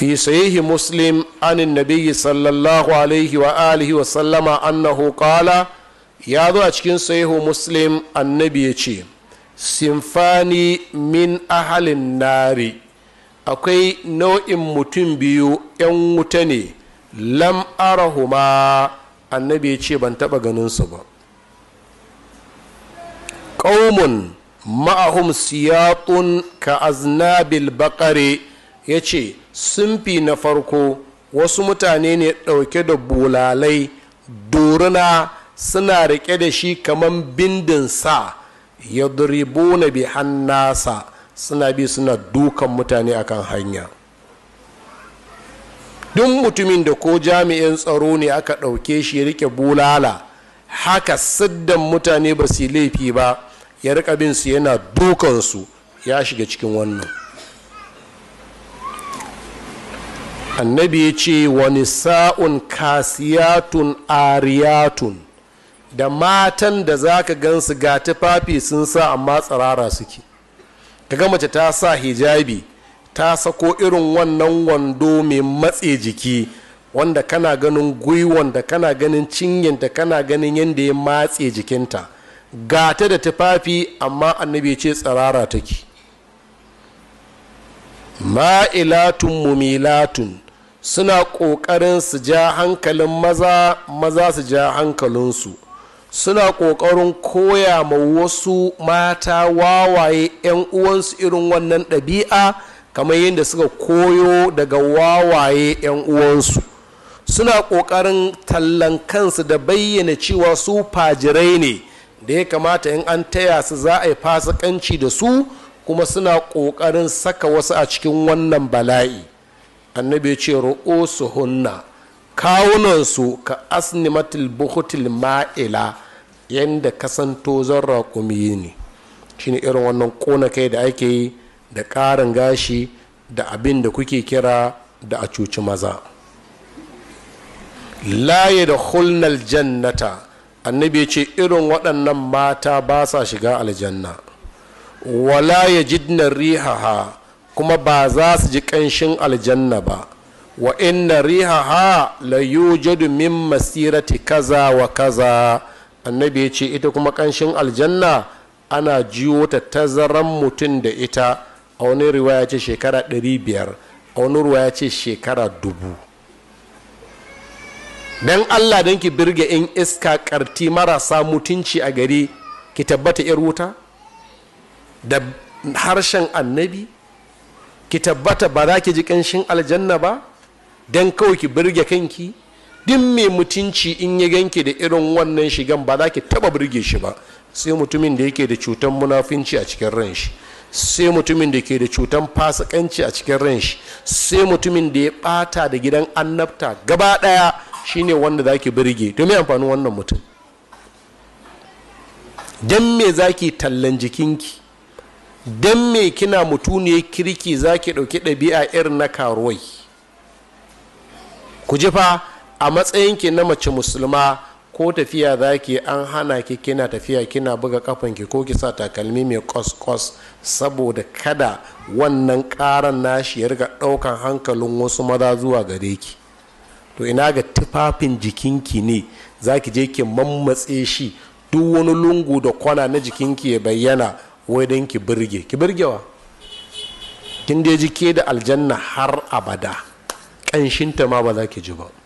في صحيح مسلم عن النبي صلى الله عليه وآله وسلم أنه قال يا ذو أشكين صحيح مسلم النبي يشي simfani min ahalin nari akwai nau'in mutum biyu 'yan wuta ne lam arahuma annabi ya ce ban taɓa ganin su ba ƙaumun ma'ahum siyatun ka aznabil baƙare ya ce fi na farko wasu mutane ne ɗauke da bulalai doruna suna riƙe da shi kamar bindin sa ya na bi hannasa suna bi suna dukan mutane akan hanya duk mutumin da ko jami'in tsaro ne aka ɗauke shi ya riƙe bulala haka siddan mutane ba su laifi ba ya riƙa bin su yana dukansu ya shiga cikin wannan annabi ya ce wani sa'un kasiyatun ariyatun da matan da za ka gansu ga tufafi sun sa amma tsirara suke kaga mace ta sa hijabi ta sako irin wannan wando mai matse jiki wanda kana ganin gwiwon da kana ganin cinyanta kana ganin yadda ya matse jikinta gata da tufafi amma annabi ce tsirara take ma'ilatun mumilatun suna ƙoƙarin su ja hankalin maza maza su ja hankalinsu suna ƙoƙarin koya ma wasu mata wawaye 'yan uwansu irin wannan ɗabi'a kamar yadda suka koyo daga wawaye 'yan uwansu suna ƙoƙarin tallan kansu da bayyana cewa su fajirai ne da ya kamata in an taya su za a yi fasikanci da su kuma suna ƙoƙarin saka wasu a cikin wannan bala'i annabi ya ce su hunna kawunansu ka asnimatil buhutil ma'ila yadda kasanto zan raƙumi ne shine irin wannan ƙona kai da ake yi da ƙarin gashi da abin da kuke kira da a cuci maza laye da hulnal jannata annabi ya ce irin waɗannan mata ba sa shiga aljanna wala ya jidna rihaha kuma ba za su ji ƙanshin aljanna ba wa inna rihaha la yujadu min masirati kaza wa kaza annabi ya ce ita kuma ƙanshin aljanna ana jiwo ta tazaran mutum da ita a wani riwaya ce shekara 500 a wani riwaya ce shekara dubu don allah don ki birge in iska karti marasa mutunci a gari ki tabbata 'yar wuta da harshen annabi ki tabbata ba za ki ji ƙanshin aljanna ba don kawai ki birge kanki duk mai mutunci in ya ganki da irin wannan shigan ba za ki taba birge shi ba sai mutumin da yake da cutan munafinci a cikin ran shi sai mutumin da ke da cutan fasikanci a cikin ran shi sai mutumin da ya ɓata da gidan annabta gaba daya shine wanda za ki birge to me amfanin wannan mutum don me zaki ki tallan jikinki don me kina mutuniyar kirki za ki ɗauki ɗabi'a irin na karuwai ku ji fa a matsayinki na mace musulma ko tafiya za ki an hana ki kina tafiya kina buga ki ko ki sa takalmi mai kwaskwas saboda kada wannan karan nashi ya riga ɗaukan hankalin wasu maza zuwa gare ki to ina ga tufafin jikinki ne za ki je ki mammatse shi duk wani lungu da kwana na jikinki ya bayyana wai dan ki birge ki birgewa kin je ke da aljanna har abada ƙanshinta ma ba za ki ji ba